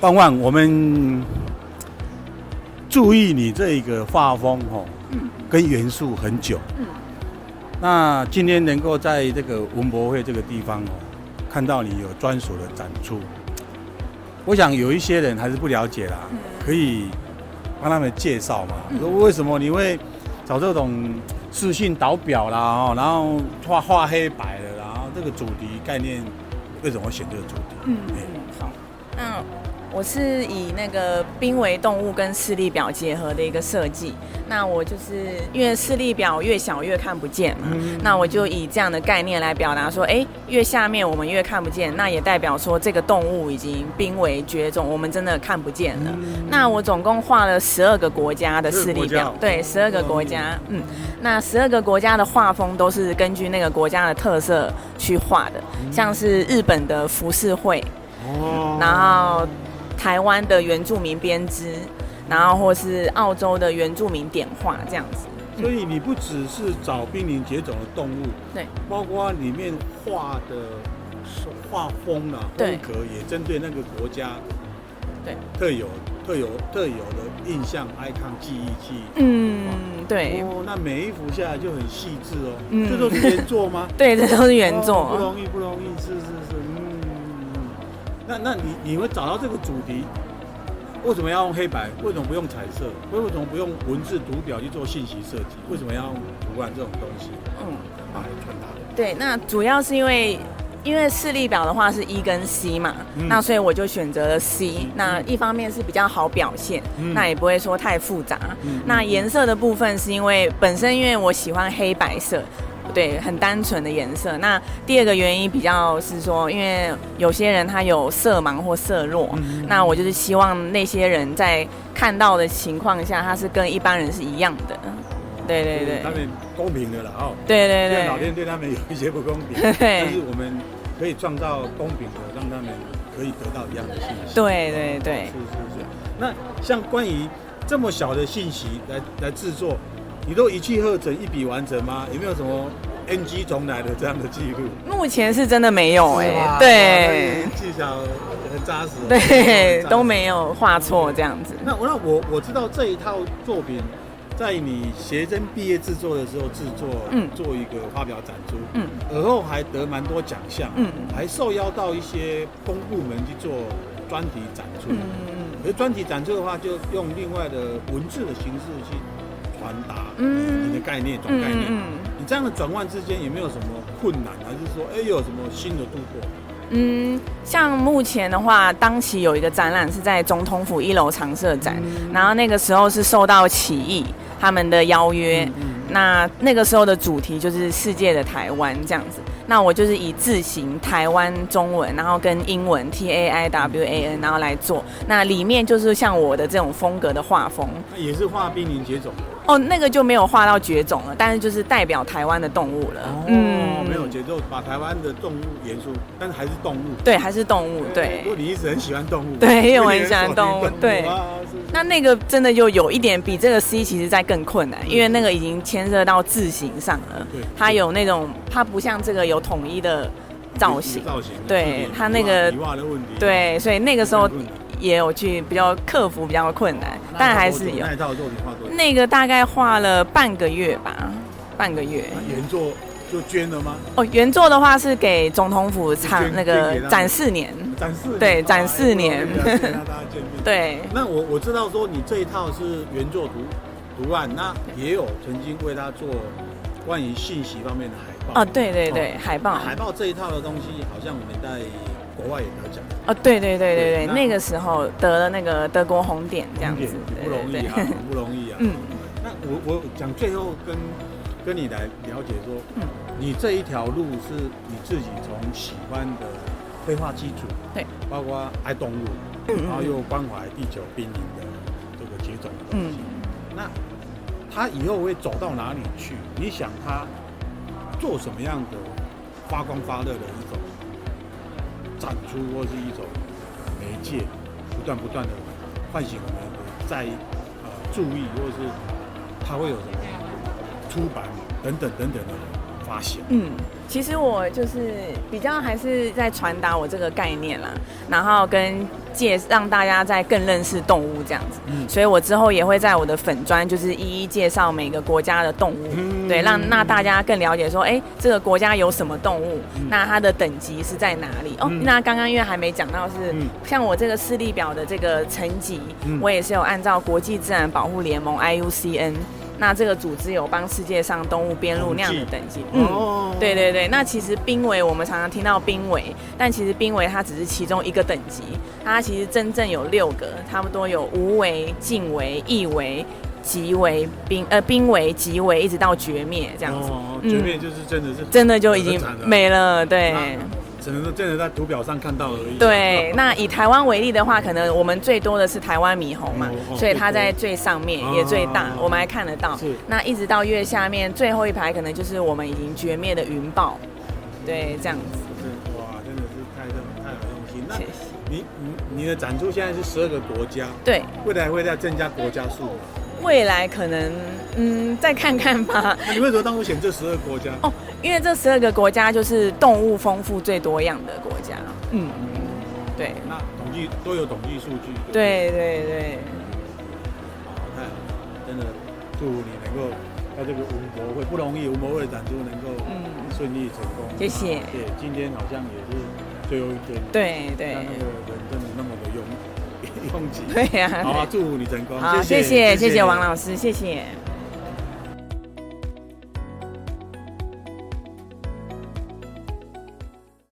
萬方，我們注意你這個畫風哦、喔嗯，跟元素很久。嗯。那今天能夠在這個文博會這個地方哦、喔，看到你有專屬的展出，我想有一些人還是不了解啦，嗯、可以幫他們介紹嘛。嗯。說為什麼你會找這種視力表啦，然後畫畫黑白的，然後這個主題概念為什麼會選這個主題？嗯。欸、好。嗯，我是以那個瀕危動物跟視力表結合的一個設計。那我就是因為視力表越小越看不見嘛、嗯，那我就以這樣的概念來表達說，哎、欸，越下面我們越看不見，那也代表說這個動物已經瀕危絕種，我們真的看不見了。嗯、那我總共畫了十二個國家的視力表，對，十、嗯、二個國家。嗯，嗯那十二個國家的畫風都是根據那個國家的特色去畫的、嗯，像是日本的浮世繪。哦、嗯，然後台灣的原住民編織，然後或是澳洲的原住民點畫這樣子。所以你不只是找瀕臨絕種的動物，對，包括裡面畫的畫風啊，風格也針對那個國家，對，特有、特有、特有的印象、icon 記憶記憶。嗯、啊，對。哦，那每一幅下來就很細緻哦。嗯，這都是原作嗎？ 對，這都是原作、哦。不容易，不容易，是是是。那那你你們找到這個主題，為什麼要用黑白？為什麼不用彩色？為什麼不用文字圖表去做信息設計？為什麼要用圖案這種東西？嗯，啊，傳達的。對，那主要是因為，因為視力表的話是一、E、跟 C 嘛、嗯，那所以我就選擇了 C、嗯。那一方面是比較好表現，嗯、那也不會說太複雜。嗯、那顏色的部分是因為本身因為我喜歡黑白色。對，很單純的顏色。那第二個原因比較是說，因為有些人他有色盲或色弱、嗯，那我就是希望那些人在看到的情況下，他是跟一般人是一樣的。對對對，對他們公平的了啊、哦。對對對，老天對他們有一些不公平對，但是我們可以創造公平的，讓他們可以得到一樣的信息。對對對，哦對對哦、是是是。那像關於這麼小的信息來來制作，你都一氣呵成一筆完成嗎？有沒有什麼？NG 重來的這樣的記錄，目前是真的沒有哎、欸，對，對對，技巧很扎實，對，都沒有畫錯這樣子。嗯、那，那我那我我知道這一套作品，在你學生畢業制作的時候制作，嗯，做一個發表展出，嗯，而後還得蠻多獎項、啊，嗯，還受邀到一些公部門去做專題展出，嗯嗯，而專題展出的話，就用另外的文字的形式去傳達，嗯，你的概念，總概念、啊。嗯這樣的轉換之間有沒有什麼困難，還是說，哎，有什麼新的突破？嗯，像目前的話，當期有一個展覽是在總統府一樓常設展、嗯，然後那個時候是受到起義他們的邀約。嗯嗯那那個時候的主題就是世界的台灣這樣子，那我就是以字形台灣中文，然後跟英文 T A I W A N 然後來做，那裡面就是像我的這種風格的畫風，也是畫瀕臨絕種、啊。哦、oh,，那個就沒有畫到絕種了，但是就是代表台灣的動物了。哦、嗯，沒有絕種，把台灣的動物元素，但是還是動物。對，還是動物。對。不過你一直很喜歡動物。對，因為我很喜歡動物。對。對那那個真的就有一點比這個 C 其實再更困難，因為那個已經牽涉到字形上了。它有那種它不像這個有統一的造型。造型，對型它那個、啊、對，所以那個時候也有去比較克服比較困難，但還是有。那、那、那個大概畫了半個月吧，半個月。原作就捐了嗎？哦，原作的話是給總統府藏那個展示年。展四年，對、哦，展四年，哎啊、對。那我我知道說你這一套是原作圖圖案，那也有曾經為他做關於信息方面的海報。啊、哦哦，對對對，海報，海報，這一套的東西，好像我們在國外也得獎。啊、哦，對對對對對，對那，那個時候得了那個德國紅點這樣子，不容易啊，對對對對，啊不容易啊。 嗯，那我我想最後跟跟你來了解說，嗯、你這一條路是你自己從喜歡的。繪畫基礎，對，包括愛動物，嗯、然後又關懷地球瀕臨的這個物種的東西、嗯、那他以後會走到哪裡去？你想他做什麼樣的發光發熱的一種展出，或是一種媒介，不斷不斷的喚醒我們，在、呃、注意，或是他會有什麼出版等等等等的。發行嗯，其實我就是比較還是在傳達我這個概念啦，然後跟介讓大家在更認識動物這樣子，嗯，所以我之後也會在我的粉專就是一一介紹每個國家的動物，嗯、對，讓、嗯、那大家更了解說，哎、欸，這個國家有什麼動物、嗯，那它的等級是在哪裡？哦，嗯、那剛剛因為還沒講到是、嗯，像我這個視力表的這個層級、嗯，我也是有按照國際自然保護聯盟 IUCN。IUCN。那這個組織有幫世界上動物編入那樣的等級，哦、嗯，哦哦哦哦對對對。那其實瀕危，我們常常聽到瀕危，但其實瀕危它只是其中一個等級，它其實真正有六個，差不多有無危、近危、易危、極危、瀕呃瀕危、極危，一直到絕滅這樣子。哦哦絕滅就是真的是、嗯、真的就已經沒了，對。只能說真的在圖表上看到而已、啊。對、啊，那以台灣為例的話，可能我們最多的是台灣獼猴嘛，哦哦，所以它在最上面也最大，哦哦，我們還看得到。是。那一直到越下面最後一排，可能就是我們已經絕滅的雲豹。對，這樣子。哇，真的是太、太有用心。那，你、你、你的展出現在是十二個國家，對，未來會再增加國家數。未來可能，嗯，再看看吧。那你為什麼當初選這十二個國家？哦，因為這十二個國家就是動物豐富最多樣的國家。嗯，對。那統計都有統計數據。對對對，對對。哎、嗯，真的，祝你能夠在這個文博會不容易，文博會展出能夠嗯順利成功。嗯、謝謝、啊。今天好像也是最後一天。對對。那個人真的那麼的勇對呀、啊啊，好，祝福你成功。好，謝謝，謝謝王老師，謝謝。